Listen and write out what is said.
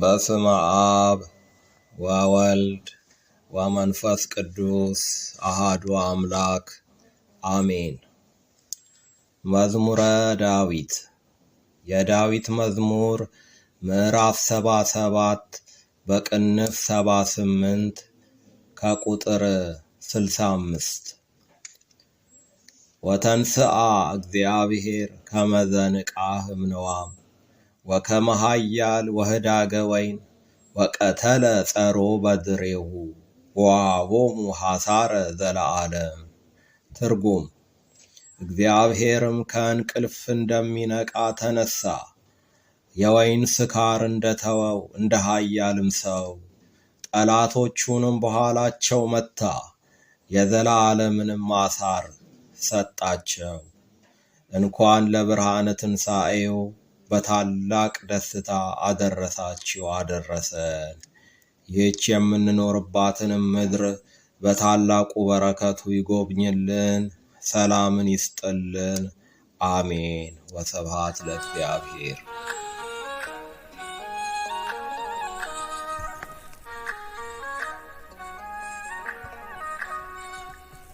በስመ አብ ወወልድ ወመንፈስ ቅዱስ አሃዱ አምላክ አሜን። መዝሙረ ዳዊት የዳዊት መዝሙር ምዕራፍ ሰባ ሰባት በቅንፍ ሰባ ስምንት ከቁጥር ስልሳ አምስት ወተንስአ እግዚአብሔር ከመዘንቃህ ዘንቃህ ወከመሃያል ወህዳገ ወይን ወቀተለ ጸሮ በድሬው ወአቦሙ ሐሳረ ዘለዓለም። ትርጉም እግዚአብሔርም ከእንቅልፍ እንደሚነቃ ተነሳ፣ የወይን ስካር እንደተወው እንደ ሃያልም ሰው ጠላቶቹንም በኋላቸው መታ፣ የዘላለምንም ማሳር ሰጣቸው። እንኳን ለብርሃነ ትንሣኤው በታላቅ ደስታ አደረሳችሁ አደረሰን። ይህች የምንኖርባትንም ምድር በታላቁ በረከቱ ይጎብኝልን፣ ሰላምን ይስጥልን። አሜን። ወስብሐት ለእግዚአብሔር።